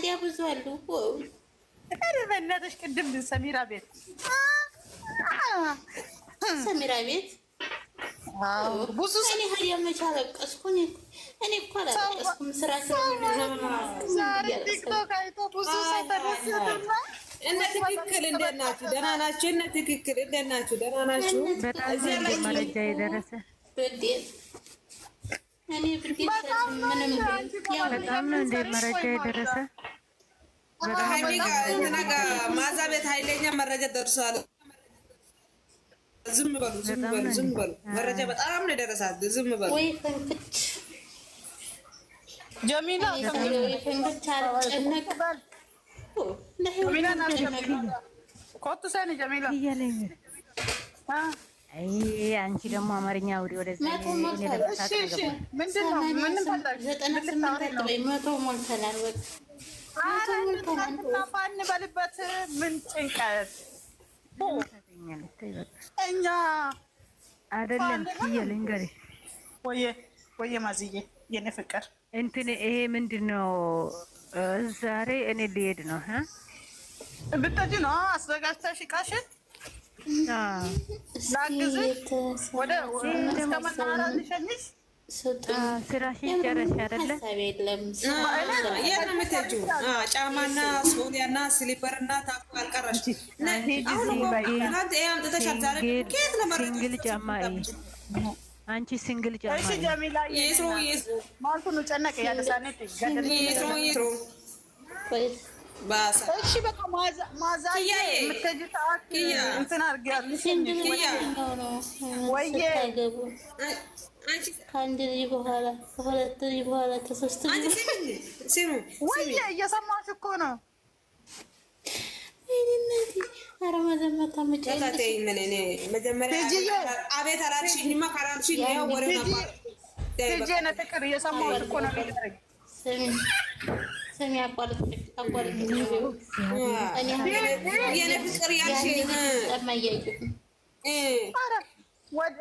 ታዲያ ብዙ አሉ። ኧረ በእናትሽ ቅድም ሰሚራ ቤት ሰሚራ ቤት ብዙ እነ ትክክል እንደት ናችሁ? ደህና ናችሁ? እነ ትክክል እንደት ናችሁ? ደህና ናችሁ? መረጃ የደረሰ በጣም ነው እንደ መረጃ የደረሰ ማዛ ቤት ኃይለኛ መረጃ ደርሷል። ዝም በሉ፣ ዝም በሉ፣ ዝም በሉ። መረጃ በጣም ነው የደረሳት። ዝም በሉ። ጀሚላ አንቺ ደግሞ አማርኛ አውሪ። ወደዚህ ምንድን ነው? ምንም ዘጠና ስምንት መቶ ሞልተናል። ባንበልበት ምን ጭንቀት እኛ አይደለም። ልንገርሽ ወየ ወየ ማዝዬ የኔ ፍቅር እንትን ይሄ ምንድን ነው? ዛሬ እኔ ልሄድ ነው ብትሄጂ ነው አዘጋጅተሽ እቃሽን ላግዝሽ ወደ እስከ መናኸሪያ ልሸኝሽ ጫማና ሶሪያና ስሊፐር እና ታኮ አልቀረሽም። አንቺ ሲንግል ጫማ ከአንድ ልጅ በኋላ ከሁለት ልጅ በኋላ ከሶስት ልጅ ወይ እየሰማሽ እኮ ነው። ኧረ መዘመታ ፍቅር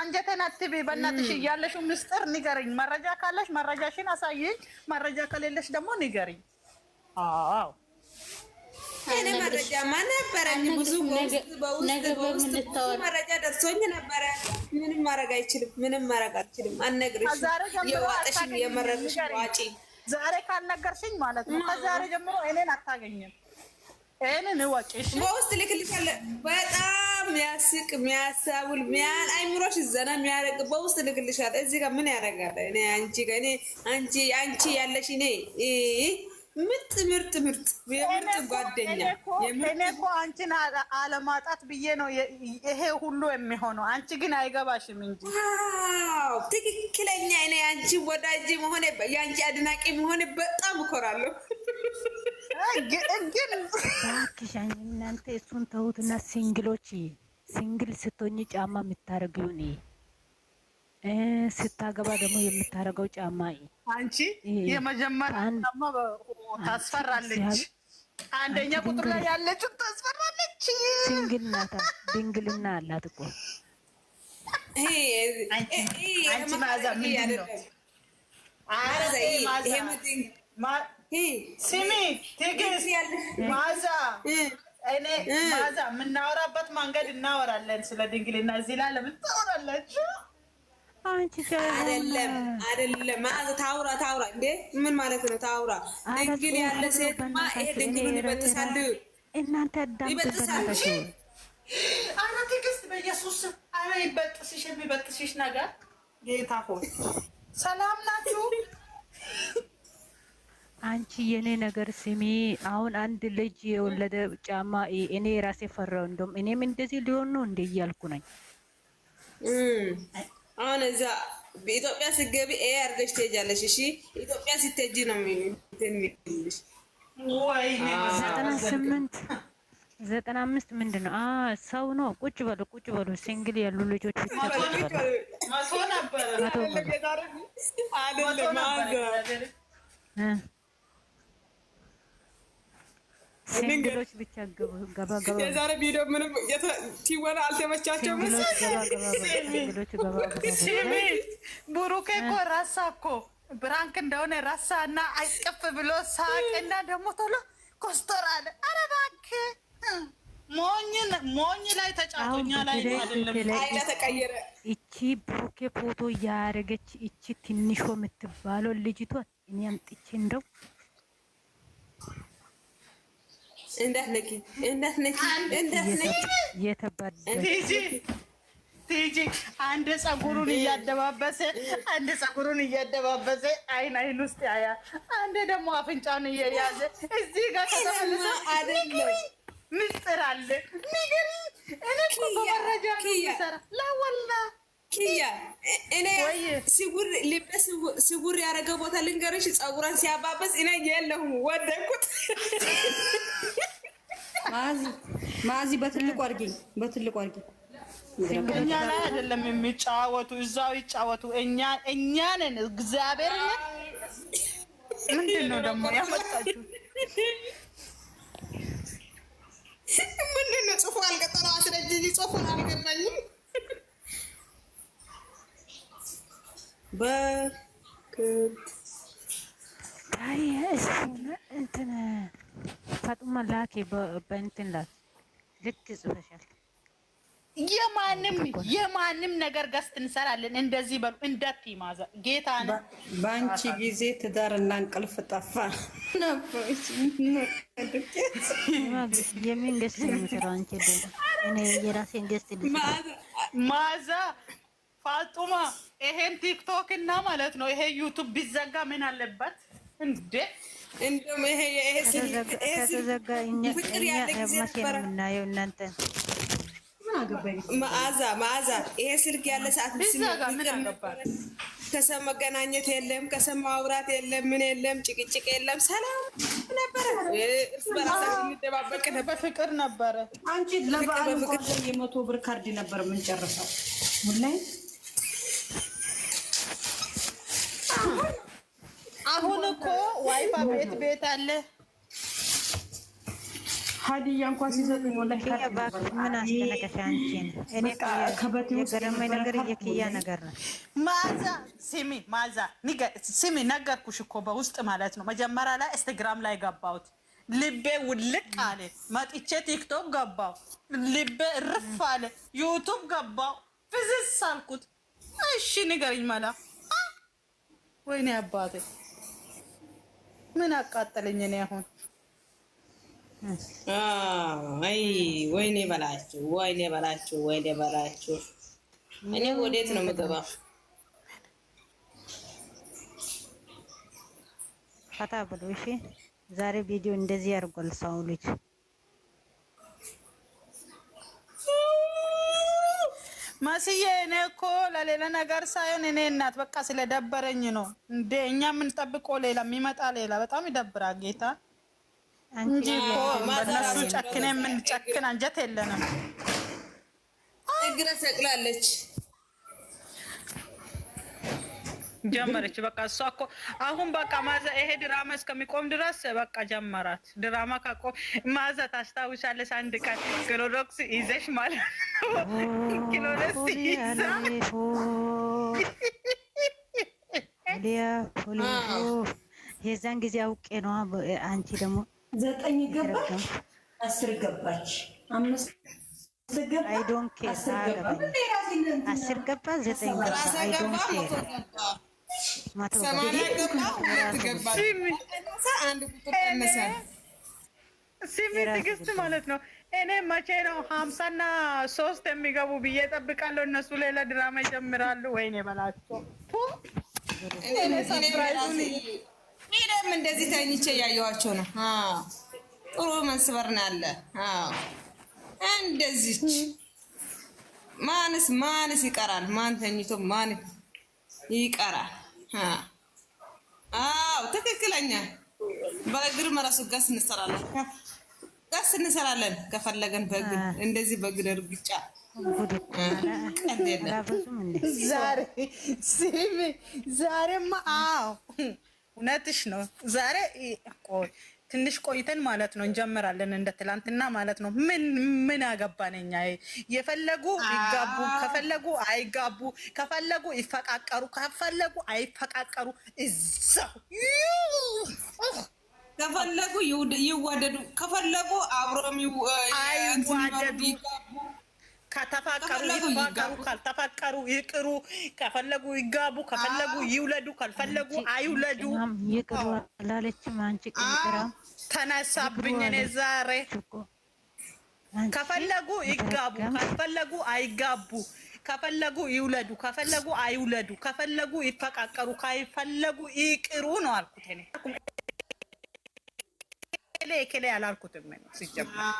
አንጀተን አትቤ በእናትሽ ያለሽው ምስጢር ንገርኝ። መረጃ ካለሽ መረጃሽን አሳይኝ፣ መረጃ ከሌለሽ ደግሞ ንገርኝ። አዎ እኔ መረጃማ ነበረኝ፣ ብዙ መረጃ ደርሶኝ ነበረ። ምንም ማድረግ አይችልም፣ ምንም ማድረግ አልችልም። አነግርሽ የዋጠሽን የመረጥሽን ዋጪ። ዛሬ ካልነገርሽኝ ማለት ነው ከዛሬ ጀምሮ እኔን አታገኝም። ይህንን እወቂሽ። በውስጥ ልክልሻለሁ በጣም በጣም የሚያስቅ የሚያሳውል ሚያን አይምሮሽ ዘና የሚያደርግ በውስጥ ልክልሻል። እዚህ ጋር ምን ያደርጋል? እኔ አንቺ ጋር እኔ አንቺ ያለሽ እኔ ምርጥ ምርጥ ምርጥ የምርጥ ጓደኛ እኔ እኮ አንቺን አለማጣት ብዬ ነው ይሄ ሁሉ የሚሆነው። አንቺ ግን አይገባሽም እንጂ ትክክለኛ እኔ አንቺ ወዳጅ መሆኔ የአንቺ አድናቂ መሆኔ በጣም እኮራለሁ። እባክሽን እናንተ እሱን ተውትና ሲንግሎች ሲንግል ስትሆኝ ጫማ የምታረጊው እኔ ስታገባ ደግሞ የምታደርገው ጫማ አንቺ የመጀመሪያ ታስፈራለች። አንደኛ ቁጥር ላይ ያለችው ታስፈራለች። ሲንግል ድንግልና አላት እኮ ስሚ ትዕግስት፣ ማዛ እኔ ማዛ የምናወራበት መንገድ እናወራለን። ስለ ድንግልና እዚህ ላይ ለምን ታወራላችሁ? አይደለም አይደለም፣ ማዛ ታውራ ታውራ። እንዴ ምን ማለት ነው ታውራ? ድንግል ያለ ሴትማ ይሄ ድንግሉን ይበጥሳል፣ እናንተ ይበጥሳል። አረ ትዕግስት፣ በኢየሱስ አረ ይበጥስሽ፣ የሚበጥስሽ ነገር ጌታ ሆይ ሰላም ናችሁ? አንቺ የኔ ነገር ስሚ፣ አሁን አንድ ልጅ የወለደ ጫማ እኔ ራሴ ፈራው። እንደውም እኔም እንደዚህ ሊሆን ነው እንደ እያልኩ ነኝ። አሁን እዛ በኢትዮጵያ ስገቢ ኤ አርገሽ ትሄጃለሽ። እሺ ኢትዮጵያ ስትሄጂ ነው ዘጠና ስምንት ዘጠና አምስት ምንድን ነው ሰው ነው። ቁጭ በሉ ቁጭ በሉ ሲንግል ያሉ ልጆች ብቻ ቁጭ በሉ መቶ ነበረ ድንግሎች ብቻ ገባ የዛሬ ቪዲዮ ምንም ሲወራ አልተመቻቸው መሰለኝ። ቡሩኬ እኮ ራሳ እኮ ብራንክ እንደሆነ ራሳ እና አይቅፍ ብሎ ሳቅ እና ደግሞ ቶሎ ኮስቶር አለ። ኧረ እባክህ ሞኝ ላይ ተጫቶኛ ላይ ተቀየረ። እቺ ብሩኬ ፎቶ ያደረገች እቺ ትንሾ የምትባለው ልጅቷ እኔ አምጥቼ እንደው እንዳትነኪ እንዳትነኪ እንዳትነኪ አንድ ፀጉሩን እያደባበሰ አንድ ፀጉሩን እያደባበሰ አይን አይን ውስጥ ያያ፣ አንድ ደግሞ አፍንጫውን እየያዘ እዚህ ጋር ከተመለሰ ምስጢር አለ። ንግሪ እኔ በመረጃ ሰራ ላወላ ኪያ እኔ ስውር ልቤ ስውር ያደረገ ቦታ ልንገርሽ፣ ፀጉሯን ሲያባበስ እኔ የለሁም ወደኩት ማዚ ማዚ በትልቁ አድርጊኝ፣ በትልቁ አድርጊኝ። እኛ ላይ አይደለም የሚጫወቱ እዛው ይጫወቱ። እኛ እኛ ነን እግዚአብሔር ምንድን ነው ደግሞ ያመጣችሁ? ምንድን ነው ጽሑፉ አልገጠረው? አስረጅኝ፣ ጽሑፉን አልገባኝም። በክት አይ እሱ እንትን ፋጡማ ላኪ በእንትን ላት ልክ ጽፈሻል። የማንም የማንም ነገር ገስት እንሰራለን። እንደዚህ በሉ እንዳት ማዛ ጌታ ነው። በአንቺ ጊዜ ትዳር እና እንቅልፍ ጠፋ ነበር። የምን ገዝት አንቺ? እኔ የራሴን ገዝት ማዛ ፋጡማ፣ ይሄን ቲክቶክ እና ማለት ነው ይሄ ዩቱብ ቢዘጋ ምን አለበት እንዴ? እንደውም ይሄ ከተዘጋ ፍቅር ያለ ጊዜ የምናየው። እናንተ መዓዛ መዓዛ ይሄ ስልክ ያለ ሰዓት ከሰው መገናኘት የለም፣ ከሰው ማውራት የለም፣ ምን የለም፣ ጭቅጭቅ የለም። ሰላም ነበረ፣ እርስ በራሳችን እንደባበቅ ነበር፣ ፍቅር ነበረ። አንቺ ለበዓል የመቶ ብር ካርድ ነበር የምንጨርሰው ሁላይ አሁን እኮ ዋይፋ ቤት ቤት አለ። ሀዲያ እንኳን ሲሰጥ ምን አስፈለገሽ አንቺን? እኔ የገረመኝ ነገር የኪያ ነገር ነው። ማዛ ስሚ፣ ማዛ ስሚ፣ ነገርኩሽ እኮ በውስጥ ማለት ነው። መጀመሪያ ላይ ኢንስታግራም ላይ ገባሁት ልቤ ውልቅ አለ። መጥቼ ቲክቶክ ገባሁ ልቤ እርፍ አለ። ዩቱብ ገባሁ ፍዝስ አልኩት። እሺ ንገሪኝ መላ ወይኔ አባቴ ምን አቃጠለኝ እኔ አሁን አይ ወይኔ በላችሁ፣ ወይኔ በላችሁ፣ ወይኔ በላችሁ። እኔ ወዴት ነው የምገባው? ፈታ ብሎ እሺ። ዛሬ ቪዲዮ እንደዚህ ያርጓል ሰው ልጅ መስዬ እኔ እኮ ለሌላ ነገር ሳይሆን እኔ እናት በቃ ስለደበረኝ ነው እንደ እኛ የምንጠብቆ ሌላ የሚመጣ ሌላ በጣም ይደብራል ጌታ እንጂ እኮ በእነሱ ጨክን የምንጨክን አንጀት የለንም። እግረ ሰቅላለች ጀመረች። በቃ እሷ እኮ አሁን በቃ ማዛ ይሄ ድራማ እስከሚቆም ድረስ በቃ ጀመራት። ድራማ ካቆም ማዛ ታስታውሻለሽ፣ አንድ ቀን ክሎሮክስ ይዘሽ ማለት ነው ክሎሮክስ ይዛ የዛን ጊዜ አውቄ ነው። አንቺ ደግሞ ዘጠኝ ገባች፣ አስር ገባች፣ አምስት አስር ገባ፣ ዘጠኝ ገባ፣ አይዶን ኬር ሲሚ ትዕግስት ማለት ነው። እኔ መቼ ነው ሀምሳና ሶስት የሚገቡ ብዬ ጠብቃለሁ። እነሱ ሌላ ድራማ ይጀምራሉ። ወይኔ በላቸው። እኔም እንደዚህ ተኝቼ እያየኋቸው ነው። ጥሩ መስበር ነው ያለ እንደዚች ማንስ ማንስ ይቀራል? ማን ተኝቶ ማን ይቀራል? አዎ ትክክለኛ በእግር መራሱ ጋስ እንሰራለን ጋስ እንሰራለን ከፈለገን በእግር እንደዚህ በእግር እርግጫ ዛሬማ አዎ እውነትሽ ነው ዛሬ ትንሽ ቆይተን ማለት ነው እንጀምራለን። እንደ ትላንትና ማለት ነው። ምን ምን አገባን እኛ? የፈለጉ ይጋቡ፣ ከፈለጉ አይጋቡ፣ ከፈለጉ ይፈቃቀሩ፣ ከፈለጉ አይፈቃቀሩ፣ እዛው ከፈለጉ ይወደዱ፣ ከፈለጉ አብሮም አይዋደዱ ከተፋቀሩ ይፋቀሩ፣ ካልተፋቀሩ ይቅሩ። ከፈለጉ ይጋቡ፣ ከፈለጉ ይውለዱ፣ ካልፈለጉ አይውለዱ። ይቅሩ አላለችም። አንቺ ቅራ ተነሳብኝ እኔ ዛሬ። ከፈለጉ ይጋቡ፣ ካልፈለጉ አይጋቡ። ከፈለጉ ይውለዱ፣ ከፈለጉ አይውለዱ። ከፈለጉ ይፈቃቀሩ፣ ካልፈለጉ ይቅሩ ነው አልኩት። እኔ ኬሌ ኬሌ አላልኩትም ሲጀምር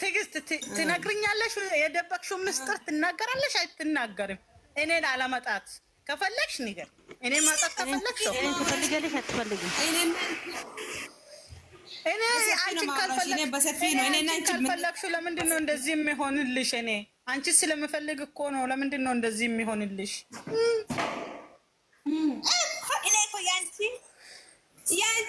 ትዕግስት ትነግርኛለሽ። የደበቅሽውን ምስጢር ትናገራለሽ። አይትናገርም። እኔን አለመጣት ከፈለግሽ ንገር። እኔ ማጣት ከፈለግሽ ትፈልጊያለሽ። አትፈልጊም። እኔ አንቺን ካልፈለግሽው ለምንድን ነው እንደዚህ የሚሆንልሽ? እኔ አንቺ ስለምፈልግ እኮ ነው። ለምንድን ነው እንደዚህ የሚሆንልሽ? እኔ እኮ ያንቺ ያንቺ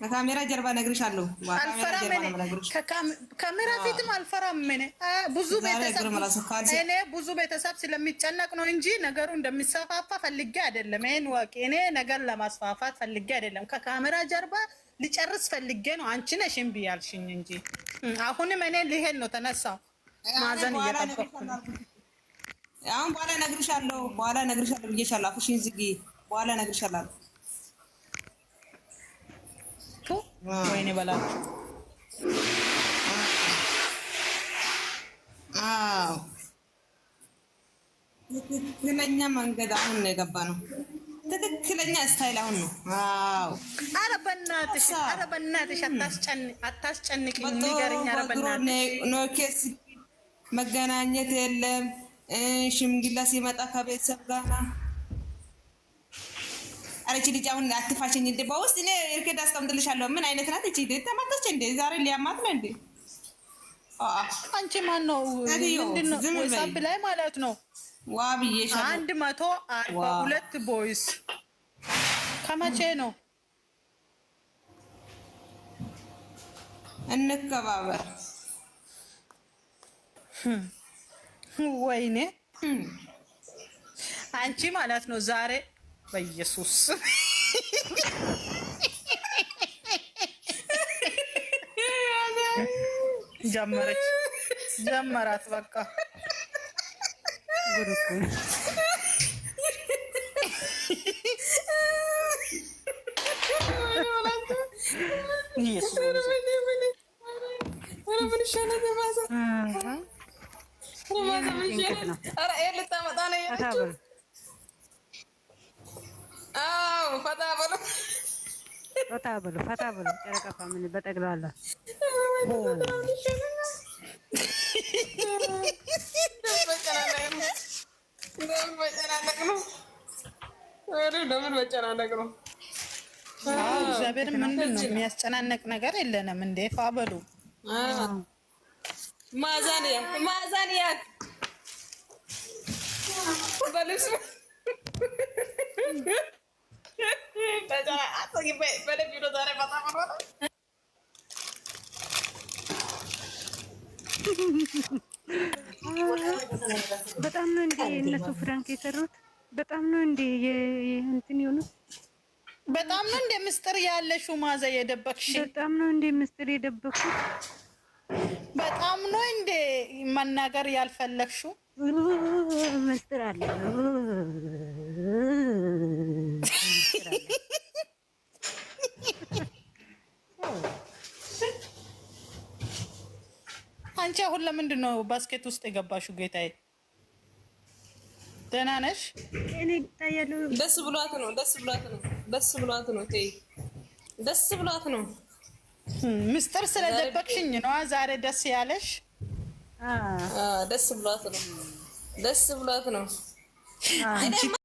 ከካሜራ ጀርባ እነግርሻለሁ። ከካሜራ ፊትም አልፈራም። እኔ ብዙ ቤተሰብ ስለሚጨነቅ ነው እንጂ ነገሩ እንደሚሰፋፋ ፈልጌ አይደለም። ይህን ወቅ እኔ ነገር ለማስፋፋት ፈልጌ አይደለም። ከካሜራ ጀርባ ልጨርስ ፈልጌ ነው። አንቺ ነሽ እምቢ ያልሽኝ እንጂ አሁንም እኔ ልሄድ ነው ተነሳው ማዘን እየጠበኩ አሁን በኋላ እነግርሻለሁ። በኋላ እነግርሻለሁ ብዬሻለሁ። አፍሽን ዝጊ። በኋላ እነግርሻለሁ ወይኔ በላችሁ። አዎ ትክክለኛ መንገድ አሁን ነው የገባ ነው። ትክክለኛ ስታይል አሁን ነው። አዎ ኧረ በእናትሽ ኧረ በእናትሽ አታስጨንቅኝ፣ ንገረኝ። ኧረ በእናትሽ ኖ መገናኘት የለም ሽምግላ ሲመጣ ከቤተሰብ ጋር አረች ልጅ አሁን አትፋሽኝ እንዴ! በውስጥ እኔ እርኬድ አስቀምጥልሻለሁ። ምን አይነት ናት እቺ? ተማታች እንዴ? ዛሬ ሊያማት ነው እንዴ? አንቺ ማን ነው? ሳብ ላይ ማለት ነው። ዋ ብዬሽ አንድ መቶ አርባ ሁለት ቦይስ ከመቼ ነው? እንከባበር ወይኔ አንቺ ማለት ነው ዛሬ በኢየሱስ ጀመረች ጀመራት። በቃ ልታመጣ ነው ፈታ በሉ ፈታ በሉ ፈታ በሉ። ጨረቃ ፋሚሊ በጠቅላላ ለምን መጨናነቅ ነው? እግዚአብሔር ምንድን ነው የሚያስጨናነቅ ነገር የለንም። እንዴ ፋበሉ ማዛንያ ማዛንያ በልብስ Ah, በጣም ነው እንዴ እነሱ ፍራንክ የሰሩት? በጣም ነው እንዴ እንትን የሆኑት? በጣም ነው እንዴ ምስጢር ያለሽው ማዘ የደበቅሽ። በጣም ነው እንደ ምስጢር የደበቅሽው። በጣም ነው እንዴ መናገር ያልፈለግሽው ምስጢር አለ አንቺ አሁን ለምንድን ነው ባስኬት ውስጥ የገባሽው? ጌታዬ ደህና ነሽ? ደስ ብሏት ነው። ደስ ብሏት ነው። ደስ ብሏት ነው። ደስ ብሏት ነው። ምስጢር ስለደበቅሽኝ ነዋ ዛሬ ደስ ያለሽ። ደስ ብሏት ነው። ደስ ብሏት ነው።